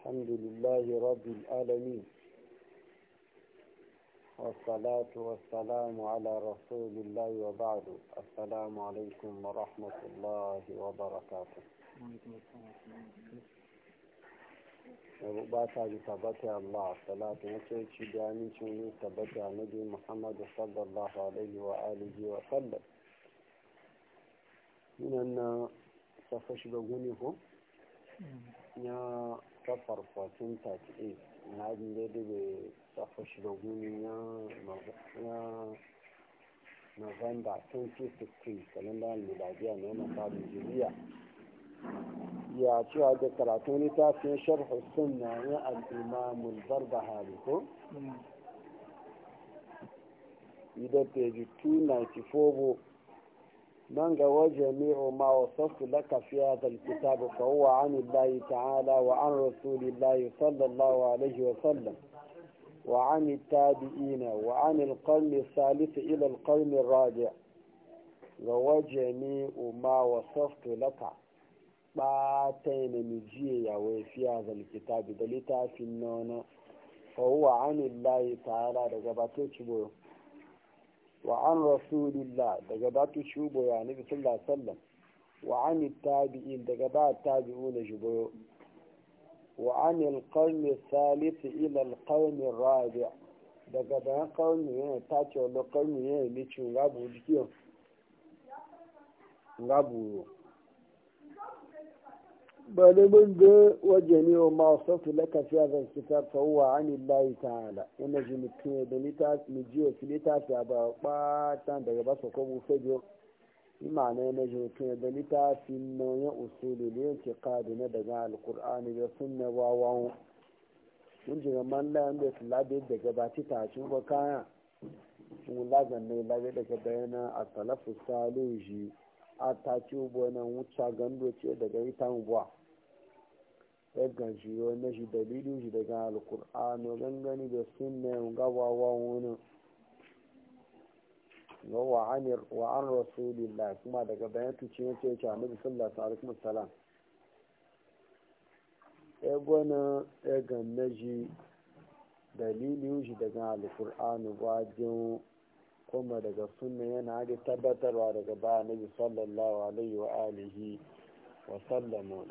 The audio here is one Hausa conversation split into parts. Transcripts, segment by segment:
الحمد لله رب العالمين والصلاة والسلام على رسول الله وبعد السلام عليكم ورحمة الله وبركاته وبعد ثبت الله صلاة نسيتي بأمين شمي على نبي محمد صلى الله عليه وآله وسلم من أن سفش بغنيه يا kafar 1438 na hajjin daidai da safa shiroguni na november 2016 kalendar miladiya na yana sabon jiriya ya cewa da ta fi sharh sunna na al-imam al-barbahari ko hmm. idan page 294 من جميع ما وصفت لك في هذا الكتاب فهو عن الله تعالى وعن رسول الله صلى الله عليه وسلم وعن التابعين وعن القرن الثالث إلى القرن الرابع جميع ما وصفت لك باتين مجيء في هذا الكتاب دليل في النون فهو عن الله تعالى رقبته وعن رسول الله دقبات شوبو يعني نبي الله عليه وعن التابعين دقبات تابعون جبو وعن القرن الثالث إلى القرن الرابع دقبات قرن يعني تاتي ولا قرن يعني ليتشو غابو جكيو غابو bari mun ga waje ne wa masu laka fiya zan kita fawwa an illahi ta'ala ina ji mutum da litas mu ji wa filita fiya ba batan daga basa ko mu fajo imana yana ji mutum da litafin nauyin usulu da yanke kadu na daga alkur'ani da sunna wawan mun ji ga man la yanda su labe da gabati ta cin ko kaya mun lagan ne labe daga bayana a talafu saluji a ta ci ubo nan wuce gando ce daga ita ubuwa yagan shi wani shi dalilin shi daga alkur'ano gangani da sunna gawawa wani wa an rasulillah kuma daga bayan tuci na ce ce annabi sallallahu alaihi wasallam ya gwana ya na shi dalilin shi daga alkur'ano wajen kuma daga sunna yana da tabbatarwa daga bayan annabi sallallahu alaihi wa alihi wa sallam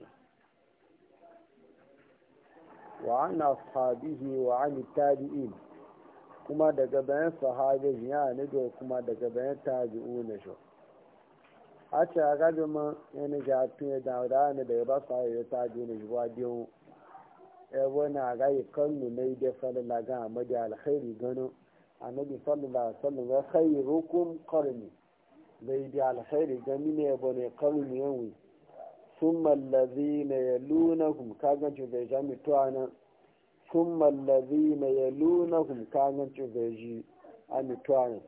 wa an ashabihi wa an tabi'in kuma daga bayan sahabe ya ne da kuma daga bayan tabi'u ne shi a ce a gaji ma yana ga fiye da rana da ya ba sa ya tabi'u ne shi wa biyu ebo na gaji kan nuna ide falala ga amadi alkhairi gano annabi sallallahu alaihi wasallam ya khairukum qarni zai da alkhairi gani ne ebo ne qarni yawi summallazina ya luna hum kagan cuzai shi mutuwa nan summallazina ya luna hum kagan cuzai shi a mutuwa nan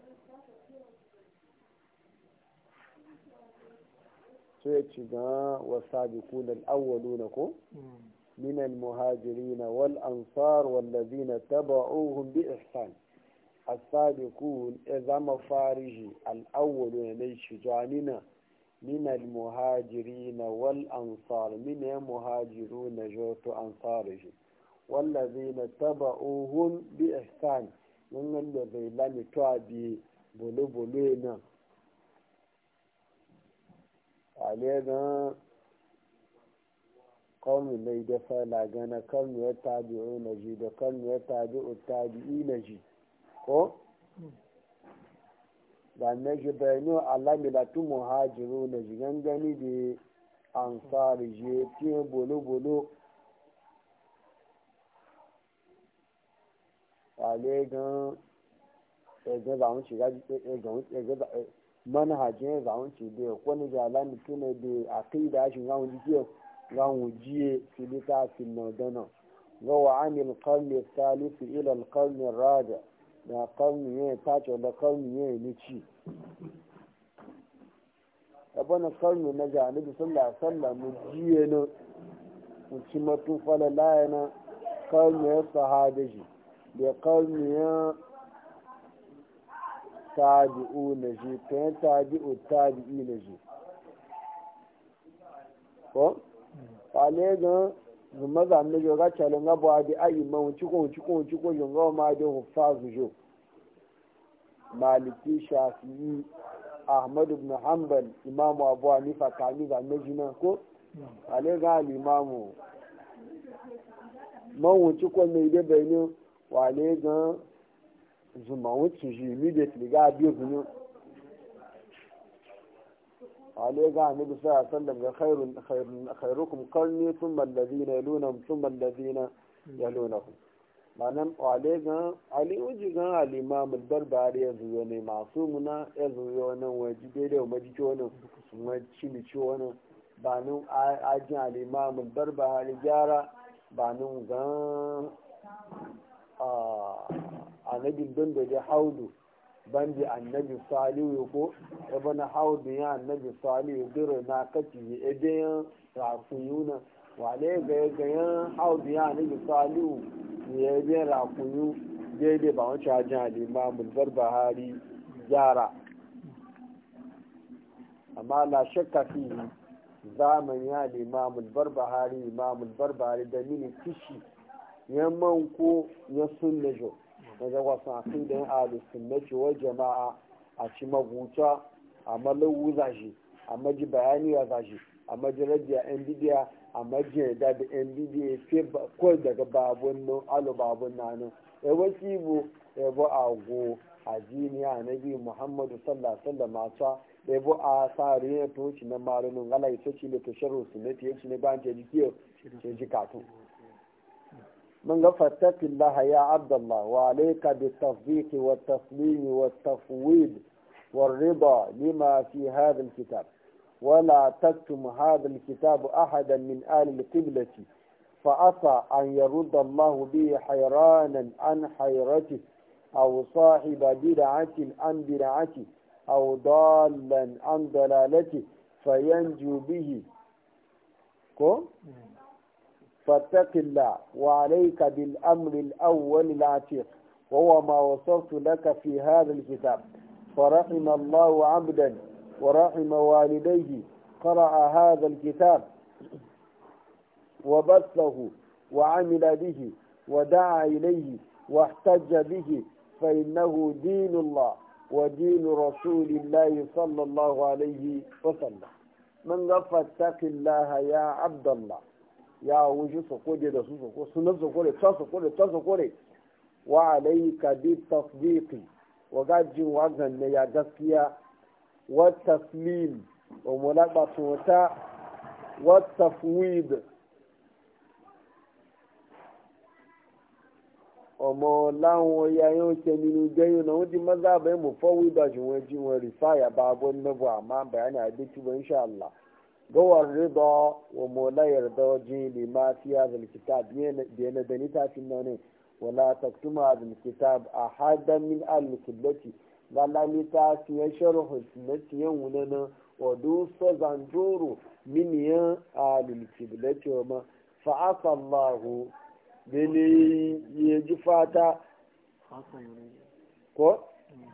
ya ci ga wasa biku da al'awwalu na ko hmm. minan muhajiri na wal ansar wallazina taba ohun bi isfan a sabi ku e ya zama farishi al'awwalu na shi jani من المهاجرين والأنصار من المهاجرون جوت أنصارهم والذين تبعوهم بإحسان من الذي لم تعبي بلو بلونا علينا قوم لي دفع لغانا قوم يتابعون جي قوم يتابعوا التابعين جي da na ji bayanu Allah milatu muhajiru na jigan gani da ansari je fiye bolo-bolo ale gan ẹgbẹ́ làwọn ṣe rájú pé ẹgbẹ́ mọ́nà àjẹ́ làwọn ṣe dé ọ̀pọ̀ níbi alámi tó náà dé àkéyìdá aṣọ ráhùn jíjẹ́ ráhùn jíye síbi tá a fi nà dáná lọ́wọ́ àmì kọ́ọ̀lì sálífì ilẹ̀ kọ́ọ̀lì da nà ne ta ce da kọ́ọ̀lì ne ni ci. abana karnu na janibi sallah sallah mu jiye na mu ci matu fala layana karnu ya sahabeji da karnu ya tabi'u na ji ta ya tabi'u tabi'i na ji ko kwale ga zuma zanen yoga calin ayi ma ci ko ci ko ci ko yunga ma zujo maliki shafi'i ahmadu ibn hanbal imamu abu hanifa kami ga meji nan ko ale ga alimamu mawuci ko mai da bayani wa wale ga zumawuci shi immediately ga biyu biyu wale ga annabi sallallahu alaihi wasallam ga khairun khairukum qarni thumma alladhina yalunhum thumma alladhina yalunhum manan ƙwale gan aliyu gan alimamun barbari ya zuyo ne masu muna ya zuyo nan waje daidai wa majiki wani wajen mici wani ba nan ajin alimamun barbari gyara ba nan gan annabi dondo da haudu bandi annabi salihu ko ebe na haudu ya annabi salihu biro na kati ebe yan rafiyuna wale ga gayan haudu ya annabi salihu ya yi biyar rakunu daidai ba wancan hajji ba mulbar bahari gyara amma la shakka fi zamani ya limamul barbahari limamul barbahari da mini kishi ya manko ya sunna a daga wasan akidan ahlu sunnati wal jama'a a ci maguta a malawuza shi a maji bayani ya zashi a maji rajiya yan bidiya a majiyar da da nba fe ko daga babun nan alo babun na nan ewa kibo ebo ago a jiniya na biyu muhammadu sallah sallah masu bu a sari ya toci na marunin ala ya toci ne to shirin su ne fiye ne bayan ta jikiyo ce ji katun من غفرتك الله يا عبد الله وعليك بالتصديق والتسليم والتفويض والرضا لما في هذا الكتاب ولا تكتم هذا الكتاب أحدا من آل القبلة فأصى أن يرد الله به حيرانا عن حيرته أو صاحب بدعة عن بدعته أو ضالا عن ضلالته فينجو به كم؟ فاتق الله وعليك بالأمر الأول العتيق وهو ما وصلت لك في هذا الكتاب فرحم الله عبدا ورحم والديه قرأ هذا الكتاب وبثه وعمل به ودعا إليه واحتج به فإنه دين الله ودين رسول الله صلى الله عليه وسلم من غفى اتق الله يا عبد الله يا وجه سقوط يا سقوط سنة سقوط سقوط سقوط وعليك بالتصديق وقد جوا يا جسكيا والتسليم وملاقبة وتا والتفويض ọmọ láwọn ọya yóò ṣe nínú jẹyìn náà ó di mọ́tà bẹ́ẹ̀ mọ̀ fọ́wọ́ ìdájú wọn jí wọn rí fáyà bá abọ́ nẹ́bọ̀ àmọ́ àbẹ̀yàn àdétú wọn ṣàlà gowar riba wa mola yarda waje lima fiya zalkita biyan da ni ta fi nan wala taktuma zalkita a hadan min galamita fiye sharhu na tiyan wunana wadu sozan joro miniyan alulkibilati ma fa'asallahu bene ya ji fata ko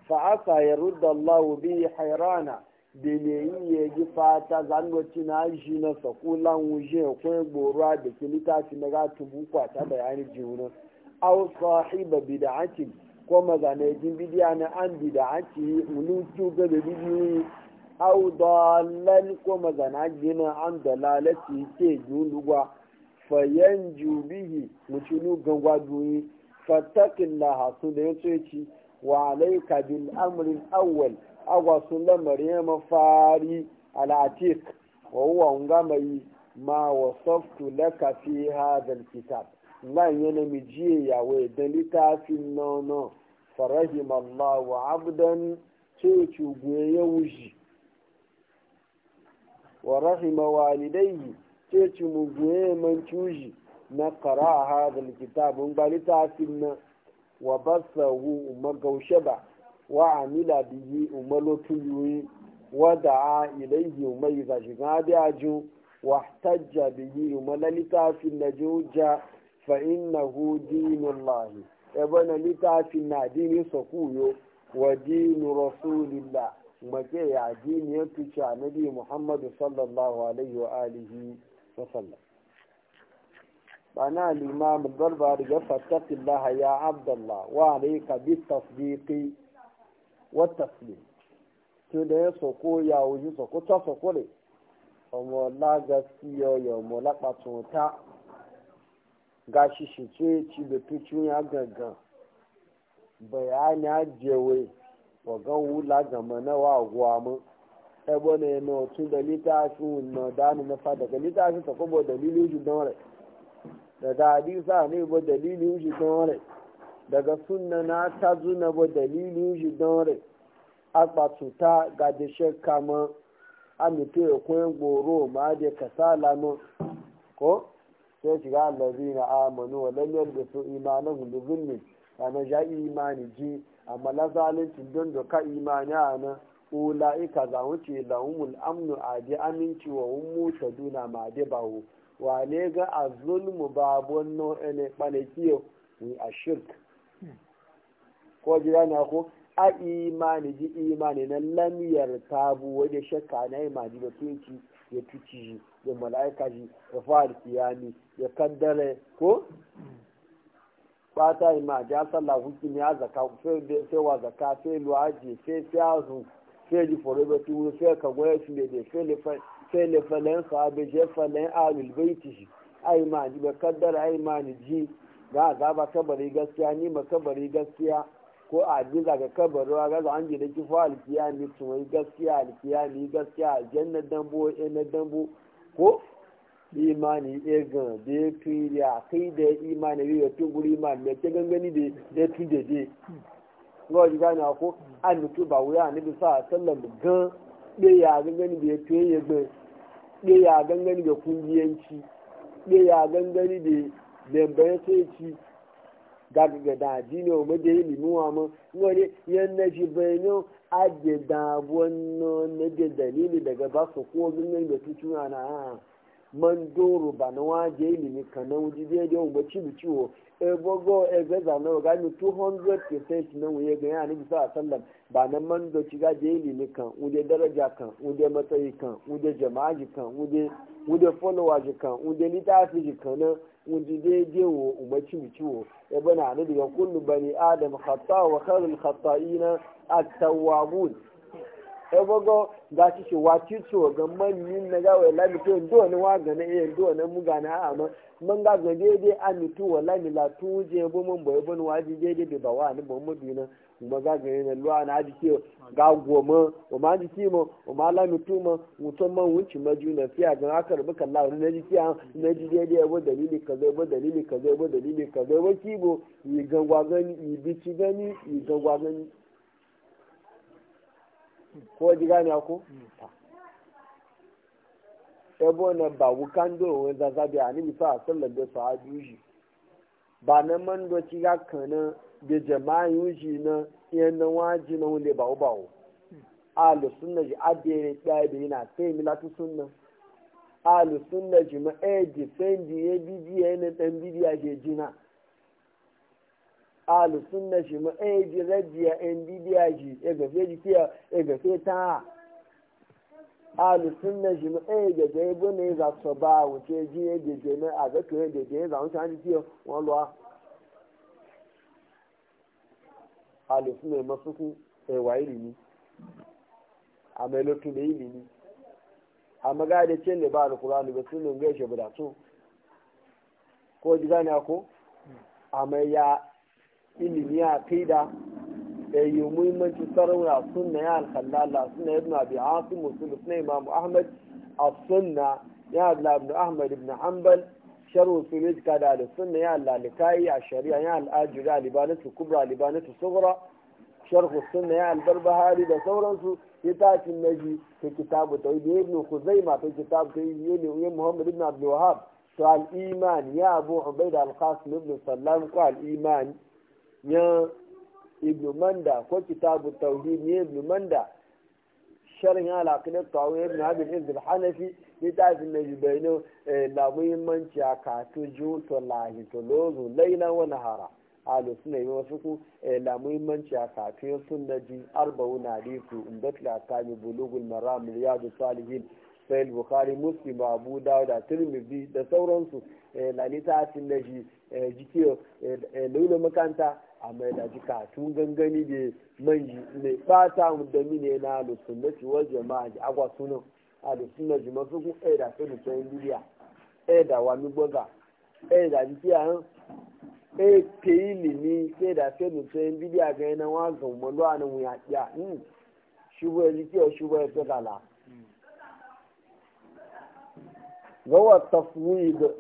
fa'asa ya rudda allahu bi hairana yi ya ji fata zanwaci na shi na sakulan wuje kwai gboruwa da kilita na gatu bukwata bayani jiwunan au sahiba bid'atin ko mazanajin bidiya na an bida an ci munutu ga da bidiyoyi au dalal ko gina an dalalati ke julugwa fayan jubihi mutunu gangwa duyi fattakin laha su da ya ci wa alaika bil amrin awwal agwa sun lamarin mafari al'atik wa huwa yi ma wasaftu laka fi hadha kitab ngan yana mijiye yawe da littafin nono farahim wa abdan ce ci goye wuji wa rahima walidai ce mu goye man cuji na kara hadal kitabun ba littafin nan wa basahu magaushe ba wa amila bihi umalotuyuyi wa da'a ilaihi umai zashi gadi ajin wa tajja bihi umalalita fi najuja fa innahu dinullahi ẹbọ na ebona fi na dini sakuyo wa dinu rasulillah mace ya dini ya tuce annabi muhammadu sallallahu alayhi wa alihi wa sallam bana limam al-barbari ya fattaqillah ya abdullah wa alayka bit tasdiqi wa taslim to da ya soko ya wuji soko ta soko ne ọmọ lagaskiyo ya ọmọ lapatun ta ga shi shi ce ci da tucin ya gaggan bayani ajewe wa gan wula gama na wa gwamu ebo ne na otu da litafi na dani na fada ga litafi ta kuma dalilin shi don rai da dadi sa ne ba dalilin shi don rai daga sunna na ta zuna bo dalilin shi don rai akpatuta ga da shekka ma amite koyon goro ma da kasala ma ko sai shiga allazina amanu wa lam yalbisu imanahum bi dhulmin kana ja imani ji amma la da ka imani ana ulaika za wuce lahumul amnu adi aminci wa hum mutaduna ma de bawo wa ne ga azulmu babon no ene balekiyo ni ashirk ko jira na a imani ji imani na lamiyar tabu wadda shakka na imani da tuki ya tuci shi ya mala'ika shi ya fara kiyami ya kaddare ko fata ima ja sallah hukun ya zaka sai wa zaka sai luwaji sai fiyazu sai di forever ti wuri sai ka goya shi ne da sai le falen sahabe je falen a alul baiti shi ai ma ji ba kaddara ai ma ni ji ga zaba kabari gaskiya ni ma kabari gaskiya ko a jiza ga kabar ruwa ga an ji da kifo alkiyami tuwai gaskiya ne gaskiya aljannar dambo na dambo ko imani egan da ya tuyi da kai da imani ya yi tun guri imani mai ke gangani da ya tun da dai ga gani a ko an mutu ba wuya ne bi sa sallan gan ɗe ya gangani da ya tuye ya gan ɗe ya gangani da kungiyanci ɗe ya gangani da lambaye sai ci gagaga da adini di mede ilimi ma mu ngole yan na ji bayano dalili daga ba su ko min da tutu ana a man doro ba na wa je ilimi kana wuji de je o na oga ni 200% na nwunye ga ya na bisa sallam ba na ci ga je kan wuje daraja kan wuje matsayi kan wuje jama'a kan wuje kan wuje litafi kan na wuji daidai wo umarci biki wo ya bana ni daga kullu bani adam khata wa kharul khata'ina at-tawwabun e bogo ga ci ci wati to ga mannin na ga wai lami to ndo ne wa ga ne e ndo ne mu ga na amma mun ga ga daidai an tu wala mi la tuje je bo mun boye bani waji daidai be ba wa ni bo mu dina kuma za ga yana luwa na aji ke ga goma o ma aji kima o ma ala mutu ma mutum man wuce ma juna fiya ga aka rubu kalla wani na ji fiya na ji daidai yabo dalili ka zai yabo dalili ka zai yabo dalili ka zai yabo kibo yi gangwa gani yi bici gani yi gangwa gani ko ji gani ako yabo na ba wukan do wani zazzabi a ni bisa a sallar da sa'a juji ba na mando ci ga kanan da jama'in shi na yan na waji na wule ba ba wo alu sunna ji adere da da yana sai mila milatu sunna alu sunna ji ma e di sendi e bidi e na dan e bidi a je jina alu sunna ji ma e di radiya en bidi a ji e ga fe ji kiya e ga fe ta alu sunna ji ma e ga ga e ne za so ba wuce ji e de je na a ga ke de je e za wuce an ji kiya won lo alùsùn ẹ̀ mọ́sùkún ẹ̀wà ìlìní àmọ́ ẹlòtún lè ìlìní àmọ́ gáàdé tí ń lè bá àlùkùrọ̀ àlùbẹ̀ tí ń lè ń gbé ìṣẹ̀bùdà tún kó dìgbà ní akó àmọ́ ẹ̀yà ìlìní àkéda àtún náà sarrafa sunna ya alkhalala sunna ibn abi asim musul ìmọ̀ imam ahmad àtún náà ní abdullah ibn Ahmed ibn hanbal sharu usulid ka da alisunna ya alalikai a shari'a ya al'ajira alibanatu kubra alibanatu sughra sharhu sunna ya albarbahari da sauransu ya litafin naji ta kitabu tauhid ibn khuzaima ta kitabu tauhid ibn muhammad ibn abdul wahhab to al iman ya abu ubaid al qasim ibn sallam ko al iman ya ibn manda ko kitabu tauhid ibn manda sharhin alaƙilin tawo ibn abin izil hanafi fi na jubaino na muhimmanci a katu juto lahito lozu laila wani hara alu suna yi wasu ku la muhimmanci a katu sun na ji arba'u na riku ta kami bulugul mara miliyadu salihin sayil bukari muslim abu dawuda tirmidhi da sauransu na littafin na ji Eh, jike eh, eh, launin makanta a mai da jika tun gangani da manji mai fata da mine na alusunnati wa jama'a da agwa sunan alusunnati masu kun ɗaya da sai ɗaya da wani gwaga ɗaya da jike a han ɗaya ke yi limi sai da sai da ga yana wa ga umaru a ya shi ba ya ya fi hmm. gala. Hmm.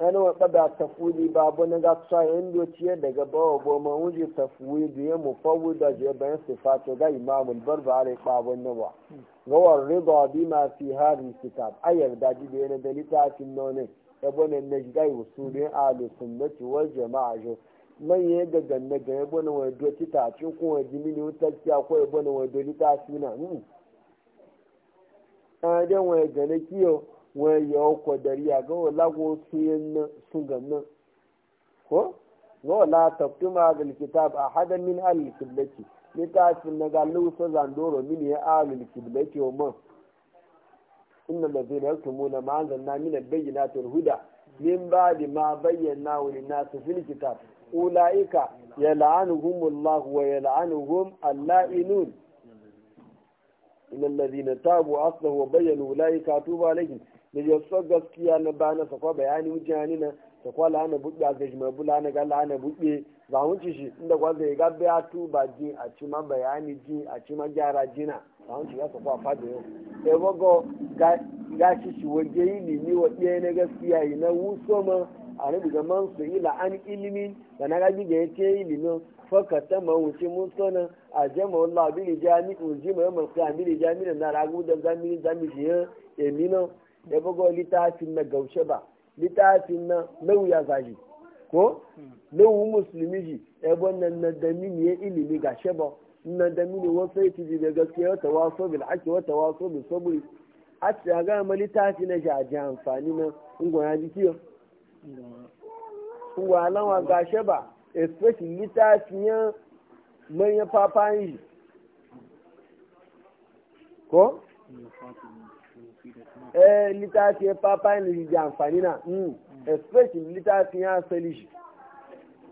ana wa tsada tafuli babu na ga tsa yin ciye daga bawa goma wuji tafuli da ya mufawu da je ban sifatu ga imamul barba alai babun nawa gawar riba bi ma fi hadin kitab ayar da ji da yana da littafin none ya e bane na ji gai usulin ahlus sunnati wal jama'a jo man ya ga ganne ga ya e bane wa do ta cin ko wa e jimini wutakkiya ko ya bane wa do littafin na hmm. dan wa ganne kiyo wai ya ko dariya ga wala go sun ganna ko go la taqtuma bil kitab ahadan min al kiblati litafin na galu sa zandoro min ya al kiblati o man inna ladina yaktumuna ma anzalna min al bayyinati wal huda min ba'di ma bayyana lin nas fil kitab ulaika allah wa yal'anuhum al-la'inun إن الذين تابوا wa وبينوا أولئك tuba عليهم da ya gaskiya na ba na sakwa bayani mutane na sakwa lana buɗe a gaji mai bula na ga lana buɗe za mu ci shi inda kwa zai ga biya tuba ji a ci ma bayani ji a ci ma gyara jina za mu ci ya sakwa fada yau sai e wago ga shi shi waje yi limi wa ɗaya na gaskiya yi na wuso ma a na daga man su ila an ilimin da na gaji da ya ce ilimin fakata mawuci mun sona a jama wallah bili jami'u jima yamma kiyamili jami'in na ragu da zamiri zamiri ya emina ya bugo littafin na gaushe ba littafin na lauya zaji ko lewu musulmi ji ebo nan na damini ya ilimi ga sheba na damini wasu ya ji da gaskiya wata waso bil aki wata waso bil saburi a ce a gama littafi na jaji amfani na ngwa ya ji kiyo ngwa alawa ga sheba especially littafin ya manya fafayin ji ko eh littafi ya fafa ne da amfani na hmm, especially littafi ya sali shi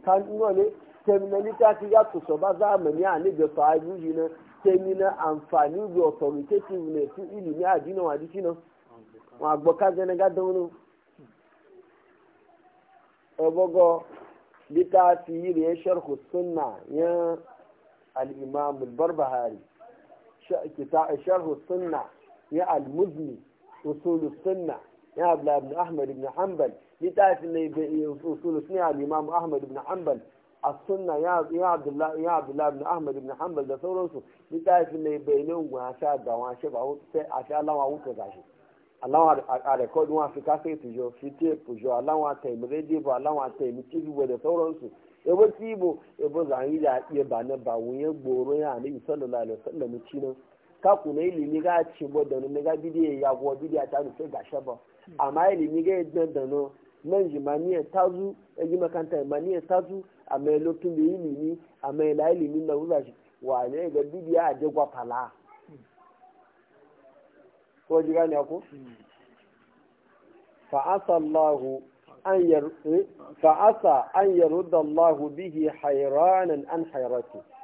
kan ino ne temina littafi ya tuso ba zamani a ne da sahabu ji na temina amfani da authoritative ne su ilimi a jina wa jiki na wa gboka gana ga daunu ebogo littafi da ya sharhu sunna ya al-imam al-barbahari sharhu sunna ya al-muzni usul sunna ya abla ibn ahmad ibn hanbal littafin ne usul sunna al-imam ahmad ibn hanbal as-sunna ya ya abdullah ya abdullah ibn ahmad ibn hanbal da sauransu littafin ne bayanin wasa ga wasa ba sai a sha lawa wuta gashi aláwọn àrẹ̀kọ́dù wọn fi kásẹ̀tì yọ fi téèpù yọ aláwọn àtẹ̀mí rédíò aláwọn àtẹ̀mí tíìbù wẹ̀dẹ̀ sọ̀rọ̀ nsù ebo tíìbù ebo zàn yìí yà yẹ bàánà bàwọn yẹn kaku ilimi ga ci bo da ne ga bidiye ya go bidiya ta rufe ga ba amma ilimi ga yadda da no nan jimaniya ta zu ya ji makanta jimaniya ta zu a mai lokacin da ilimi a mai la ilimi na wuza shi wa ne ga bidiya a je gwa fala ko ji gane ku fa asallahu an yar eh, fa asa an yarudda Allahu bihi hayranan an hayrati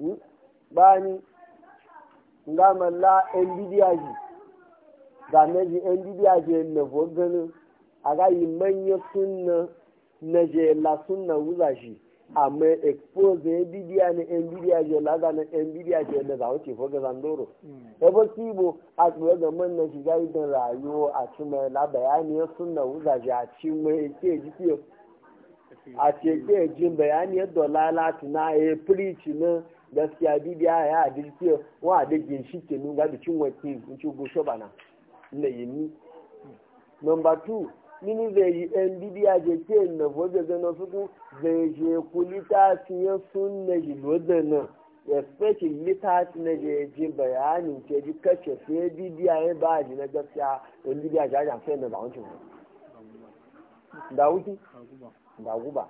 Hmm? bani nga malla ndidiyaji ga naji ndidiyaji na vogana aga yi manya sunna na je la sunna wuza shi amma expose ndidiya ne ndidiyaji la ga na ndidiyaji da za wuce foga zandoro hmm. e bo kibo a tsuwa ga man na shiga idan rayuwa a cima la bayani sunna wuza shi a cima ke ji e a ce ke jin bayani dola lalata na ya firici na gaskiya bibiya ya adil ke wa da ginshi ke nuna da cin wakil in ci gusho bana na yini number two mini zai yi ɗan e, bibiya je ke na vodda zana suku zai je kulita siya sun na yi vodda na especially litati na je je bayanin ke ji kace sai bibiya ya e, e, ba ji na gaskiya wani bibiya ja ja sai na ba wancan da wuki da guba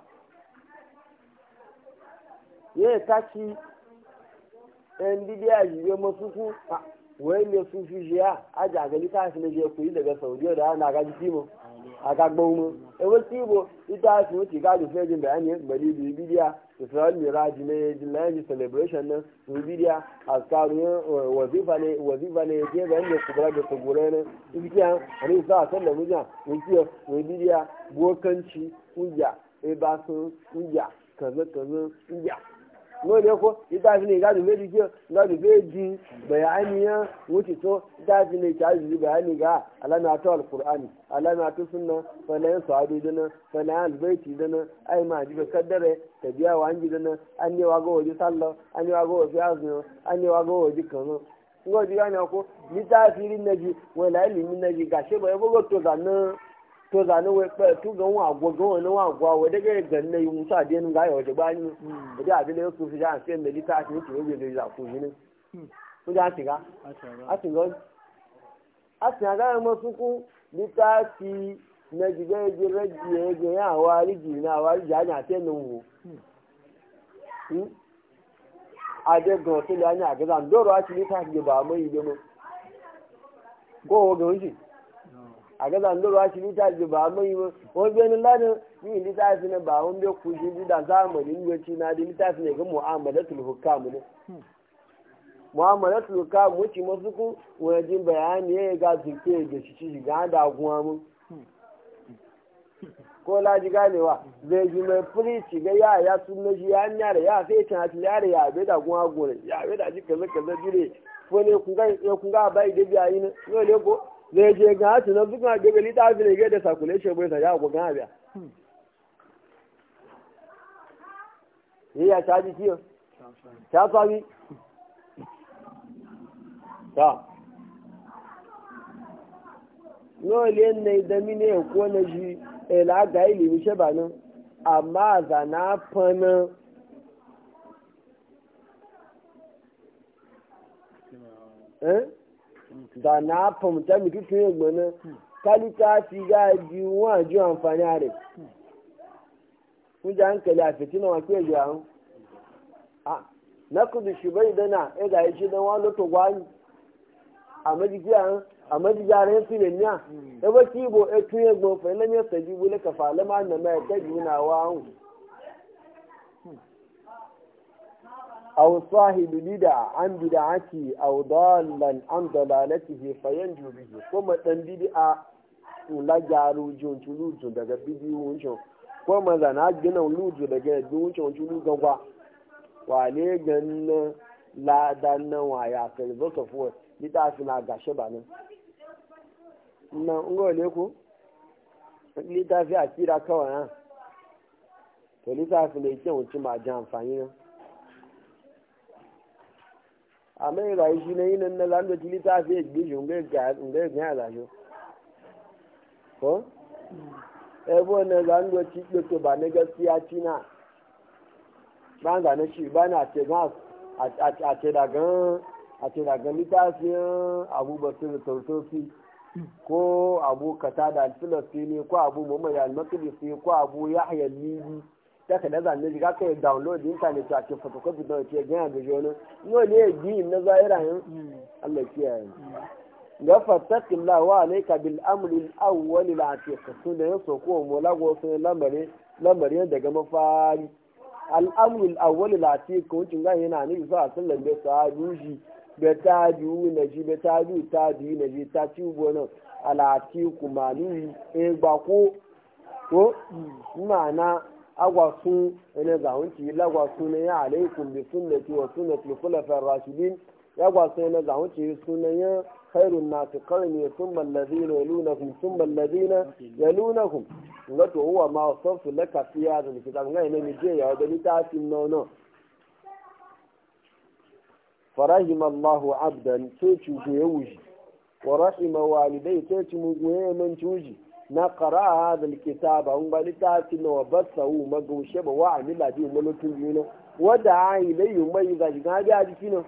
ya ta ci e bidiya jibe masuku wai ne sun ya a jagali ta fi na je kuyi daga saudiya da ana gaji timo a gagbon mu e wasu ibo ita su wuce gaji fejin bayani bari biyu ya israel miraji ne na celebration na su bidiya a tsarin wazifa ne wazifa ne ke bayan da su gura da su da mujan ya kanchi ebe wọ́n lè kó ìdáfínà ìgbádùn méjì kí ìgbádùn méjì bẹ̀rẹ̀ àníyàn wọ́n ti tó ìdáfínà An sí wa àníga alámìátọ́ alukur'ani an súnà wa ń sọ adé dáná fẹlẹ́ ń alùbẹ́ẹ̀tì dáná ayé máa jí kẹ́dẹ́rẹ́ tẹ̀bí àwọn àǹjì na. to zane wai ba tu ga wa agwo ga wani wa gwa wa daga ga ne de nun ga ya waje bani da abin da sai lita a cikin ke ga za ku jinin ku ja shiga a ga a shiga ga mu su ku lita ti na jiga ji ga ya wari ji na wari ja anya sai nun wo a de go sai ya na ga zan doro a ga ba mai ko a ga zan lura shi lita ji ba mai ba wani ni ladin ni su ne ba wani bai kushi ji da zamanin ci na da litafi ne ga mu'amalatul hukam ne mu'amalatul hukamu ci masu ku? wani jin bayani ya ga ke da shi shi ga da kuma mun ko laji ganewa zai ji mai firici ga ya ya sun na shi ya hanya da ya sai ta hati ya da ya bai da kuma gore ya bai da ji kaza kaza jire ko ne kun ga bai da biya yi ne ne ko zai je ga hatu na zuwa ga gali ta fi ne da sakule shi bai saya ko ga biya yi ya ta ji kiyo ta sami ta nole ne da ne ko na ji ela ga ilimi she ba nan amma zana fana eh da na fahimta e mutu e e tun yin gbana kalita fi gaji wọn àjọ àǹfààní a fúnjà ń kẹlẹ̀ àfẹ́tí náà na kéèjì àrùn nakudu ṣùgbọ́n ìdáná ẹ̀gà iṣẹ́ náà wọn ló tó wáyé àmọ́jíjẹ́ àrùn àmọ́jíjẹ́ àrùn ń sílẹ̀ ní à ẹgbẹ́ tí ìbò ẹtún ẹgbọ́n fẹ́ lẹ́yìn ẹ̀sẹ̀ ju wọlé kàfà lẹ́mọ́ ànàmọ́ ẹ̀kẹ́jì náà أو صاحب بدعة عن بدعته أو ضالا عن ضلالته فينجو به كما تنبدع لا جارو جون تلوجو daga bidiyun shi ko maza na gina lujo daga bidiyun shi wancin gaba wale ganin ladan nan waya kai zo ka fuwa lita suna gashi ba nan na ngole ko lita fi akira kawai ha to lita fi ne kyan amma ya rayu shi na yi nan na lando tili ta fi egbe shi nga ga ya shi ko ebo na lando ci ɗauke ba na gaskiya ci na ba na shi ba na ce gan a ce da gan a ce da gan littafin ko abu katada da filastini ko abu muhammad al-maqdisi ko abu yahya libi ta ka da zanne ga kai download internet a cikin photocopy da ke gina da jona no ne bi na zahira yin Allah kiyaye ga fatakilla wa alayka bil amri al awwal al atiq sunna yaso ko mulago sun lambare lambare daga mafari al amri al awwal al atiq ko cin ga yana ne sa sallan da sahabi da tabiu na ji biyu ta biyu na ji ta ci bonan al atiq manu e gbako ko ma'ana agwasu ina zahunci lagwasu ne ya alaikum bi sunnati wa sunnati khulafa'ir rashidin ya gwasu ina zahunci sunan ya khairun nasu qarni thumma alladhina yalunakum thumma alladhina yalunakum ngato huwa ma wasafu laka fi hadha alkitab ngai ne mi je ya da tin no no farahima Allahu abdan tuchu ci je wa rahima walidai tuchu ci mu goye man ci na kara a alkitaba un ba ci na wa basa basahu gaushe ba wa amila bi yi yuna wada a mai ga ga ga jiki na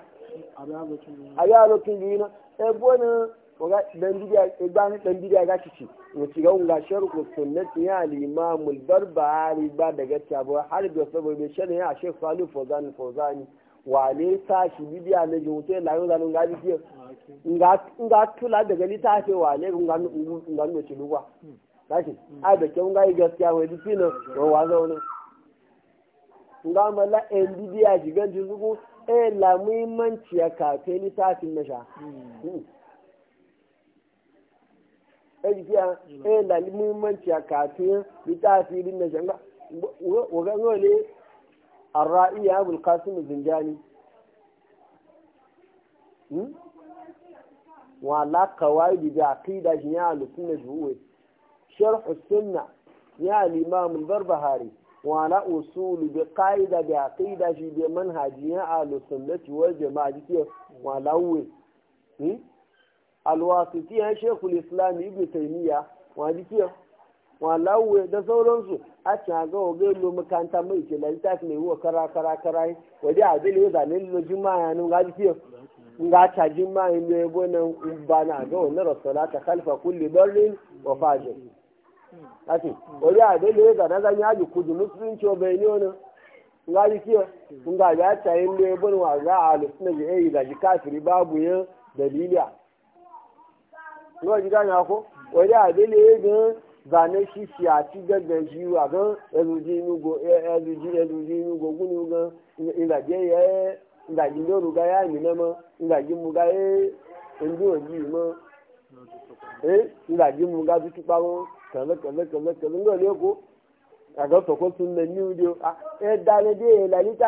aya yi yuna e a waga dan bidiya e ban a bidiya ga kici mu ci ga unga sharhu sunnati ya al imam al barbari ba daga tabo har da saboda shari'a ya shekh salih fozani fozani Waale sashi bidiya na jimutai layo zanen gaji fiye nga tula daga nga nuna ci lugwa sashi ai da kyau nga yi gaskiya mai dufi na wa waza nga mala en bidiya jigan jizugu e la muhimmanci ya kafe littafin na sha hmm. e, e la muhimmanci ya kafe na sha nga الرائي يا أبو القاسم الزنجاني ولا قواعد بعقيدة جميع السنة جهوه شرح السنة يا الإمام البربهاري وعلى أصول بقاعدة بعقيدة جميع منهج جميع السنة والجماعة ولا هو الواسطية شيخ الإسلام ابن تيمية وعلى walawuwa da sauransu a can ga oge lo makanta mai ce lalitafi mai wa kara kara kara lo nga ta ne na ga wani rasala kulli wa ati wajen abin yau na zan yaji kudu musulunci wa bai ne nga nga ga ta bo ga da kafiri babu yin dalila. zane shi shi a ti gẹ́gẹ́ sí wa gan ẹlòdì inú go ẹlòdì ẹlòdì inú go gúnni gan ìgbàdí ẹyẹ ìgbàdí lóru gáyà ìmìnà mọ ìgbàdí mu gáyé E òjì mu gá tuntun pa wọn kẹlẹ kẹlẹ kẹlẹ kẹlẹ ńgbà ní oko àgọ́ tọkọ tún lẹ ní ìdí o ẹ dalẹ̀ dé ẹ̀ lálẹ́ tá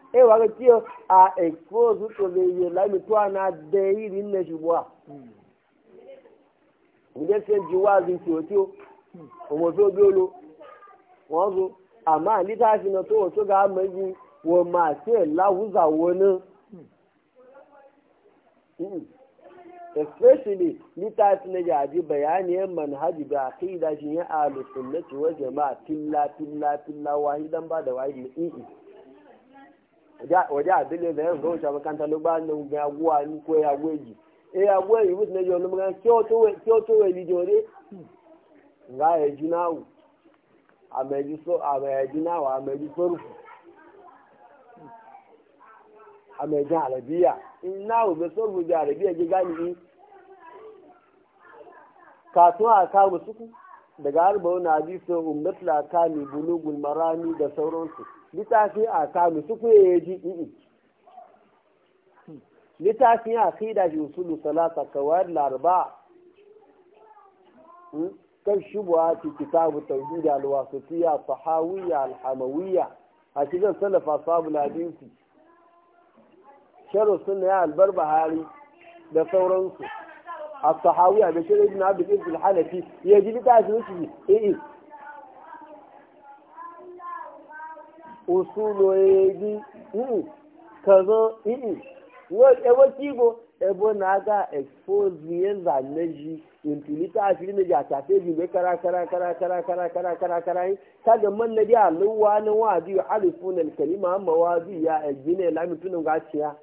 e wa ki a expose eh, to be ye la mi to ana de iri ne jibwa nje se jiwa zi ti o ti o omo so bi olo won so ama ni ta fi na to o so ga ma yi wo ma se lawuza wo na especially littafin na jaji bayanin manhaji da aqida shi ya ahlus sunnati wal jamaa tilla tilla tilla wahidan ba da wahidi E, waje da yanzu wuce makaranta ló bá ní ogun agwọ àní kó èyí ẹ agwọ èyí bó tilẹ̀ yọ ọ̀nà mọ́kàn kí ó tó wẹ̀ ní ìjọba nga ẹ̀jú náà wò àmẹ̀jú sọ àmẹ̀jú náà wò àmẹ̀jú sọ́rùfù àmẹ̀jú àrẹ̀bíyà náà wò bẹ sọ́rùfù jẹ àrẹ̀bíyà jẹ gáàní yìí kàtún sukù daga littafin a kanu su kuye ya ji i'i littafin a kida shi usulu salasa kawai larba hmm? kan shubuwa ci kitabu da alwasitiya sahawiyya alhamawiyya a cikin salafa sabu ladinsu sharu suna ya albar bahari da sauransu a sahawiyya da shirin ibn abdul hanafi ya ji littafin su i'i usulo yeji mm kazo mm wo ewo kibo ebo na aga expose yen za neji into lita asiri ne ja ta se bi be kara kara kara kara kara kara kara kara ta hmm. ga man ne ja luwa ne wa bi alifun al kalima amma wa bi ya ejine hmm. la mi tunun ga ciya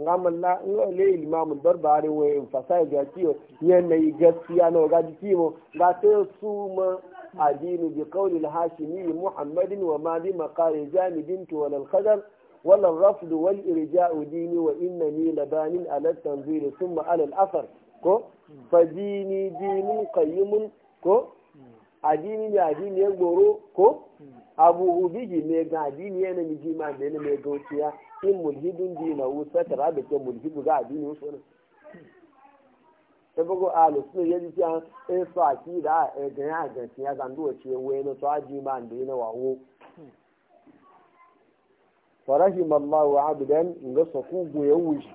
ngamalla ngo le imam barbari we fasai ga ciyo yen ne gaskiya no ga ciyo ga sai su ma adinu bi qawli al muhammadin wa ma bi maqari jamidin wal al-qadar wal rafd wal irja'u dini wa innani labanin ala tanzil thumma ala al ko fa dini dini qayyimun ko adini ne adini goro ko abu ubiji ne ga adini yana miji ma da gauciya in mulhidun dinahu satara da ke mulhidu ga adini wasu sabogo a suna yadda siya in fa ki da e gani a gansu ya zandu a ce wai na to aji ma da yi na wawo farahim Allah wa abdan ga saku goyen wuji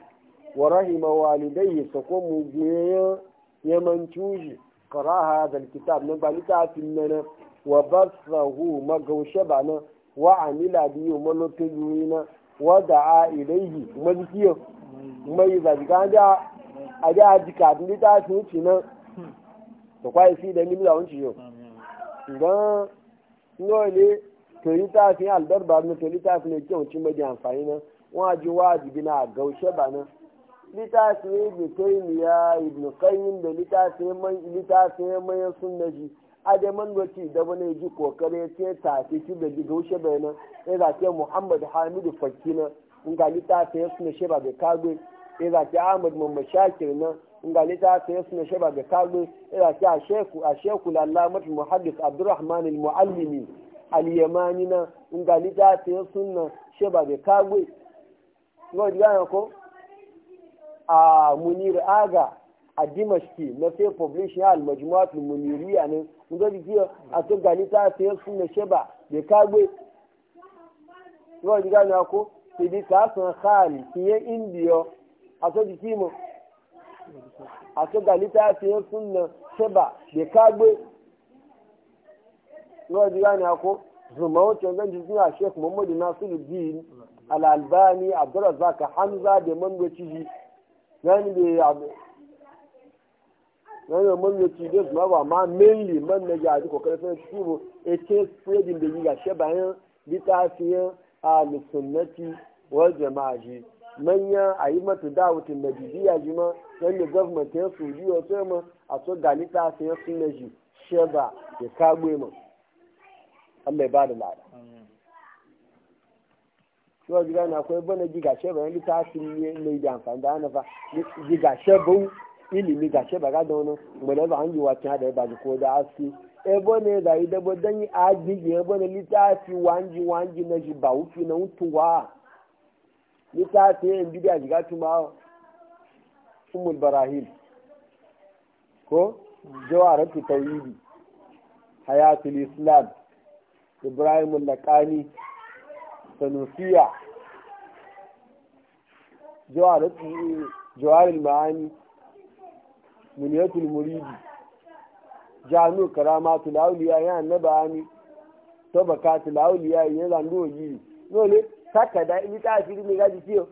wa rahima walidai sako mu goyen yaman cuji karaha da kitab na ba littafin na. wa basahu magaushe ba na, wa amila biyu malofin na wa da'a ilaihi mazikiyar mai zaganda a ji a da kafin littafin wuce nan da kwaye fi da mil zawon ciyo don nole to littafin albarba na to littafin ne kyau cin mai amfani nan waji wajibi na gaushe ba nan littafin ibn taymiya ibn qayyim da littafin man littafin man sunnaji ji. wati da da wani ji kokare ce ta ce ci da ji gaushe bai nan sai da ce muhammad hamidu fakki nan in ga littafin sunna sheba bai kagwe sai za ki ahmad mamman shakir nan in ga lita sai yasu na shaba da kago sai za ki a sheku a sheku lallamat muhaddis abdurrahman al-muallimi al-yamani nan in ga lita sai yasu na shaba da kago yau da ko a munir aga a dimashki na sai publishing al majmuat al muniriya ne in ga dikiyo a to ga lita sai sunna sheba da kagwe yau da ko sai ka san khali kiye indiyo a so jiki mu a so ga littafin sunna seba da kagbe yau ji gane ko zuma wancan zan ji suna shek muhammadu nasiru din al'albani abdurazaka hamza da mango ciji gani da yana mamaci da zuma ba ma mainly man na jari kokarin sanar ciki mu a ce spreading da yi gashe bayan littafin a musunnati wal jama'a manya a yi mata dawutin da bibiya ji ma da gwamnati ya su ji wasu ma a so galita su ya suna ji sheba ya kagwe ma Allah ya ba da lada. Shiwa gida na akwai bane giga sheba yanzu ta su ne da amfani da hana fa giga sheba ilimi ga sheba ga da wani gwada ba an yi wa da ya ko da aski ebo ne da yi dabo don yi agbigi ebo ne litafi wanji wanji na ji ba wufi na wutuwa. ta littafin bidiya shiga tuma umul barahim ko ta tauhidi hayatul islam ibrahim al-laqani sanusiya jawaratu jawarul maani muniyatul muridi jami'u karamatul awliya ya annabani tabakatul awliya ya zanduwa jiri dole takada litafi ne ga ji ciyo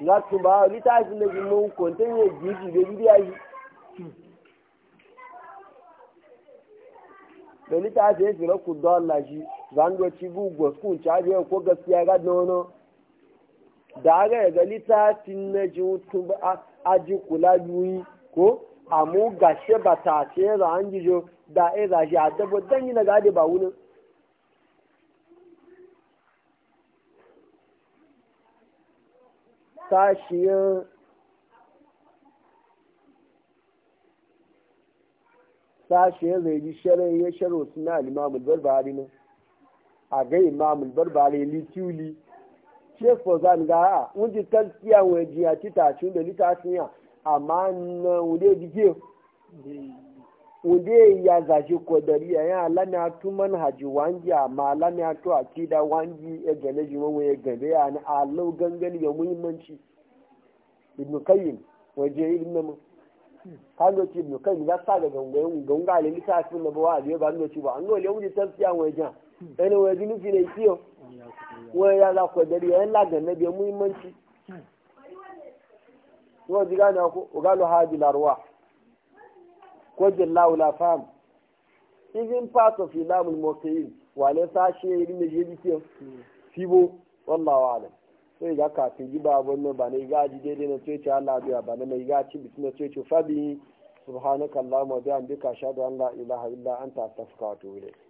ga tun ba litafi ne ji mun ya ji ji da bidiya yi da litafi ya fira ku dole shi zango ci gugu ci aje ko gaskiya ga nono da ga ga litafi ne ji tun ba aji kula yi ko amu gashe ba ta ce da e a dabo dan yi na ba wunin sashiyan sashiyan zai ji sharai ya sharo suna alimamul barbari nan a ga imamul barbari lituli ce fozan ga a ah, wunji taskiya wajiya ci tashin da litasiya amma nan wule jike wunde ya zaji kodari ya ya lami atu manhaji wangi amma lami atu akida wangi ya gane jima wani gabe ya na alau gangani ya muhimmanci ibn kayyim waje ibn namu kan ci ibn kayyim ya sa ga gangayen ganga ale litafin na bawa abiyo ba ndoci ba an gole wuri tafiya wajen ɗani waje nufi ne kiyo wani ya za kodari ya la gane biya muhimmanci. Wọ́n gane ọkọ̀ ọ̀gá ló ha di ko laula fam even part of ilamul muqtayin wale sashe irin da jeji ke fibo wallahu alam sai ga kafin ji babu nan ba ne ga ji daidai na coci Allah biya ba ne mai ga ci bisu na tsoci fabi subhanakallahumma wa bihamdika ashhadu an la ilaha illa anta astaghfiruka wa atubu ilayk